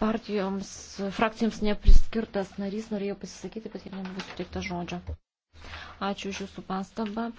partijoms, frakcijoms nepriskirtas narys norėjo pasisakyti, bet jam nebuvo suteikta žodžio. Ačiū už Jūsų pastabą.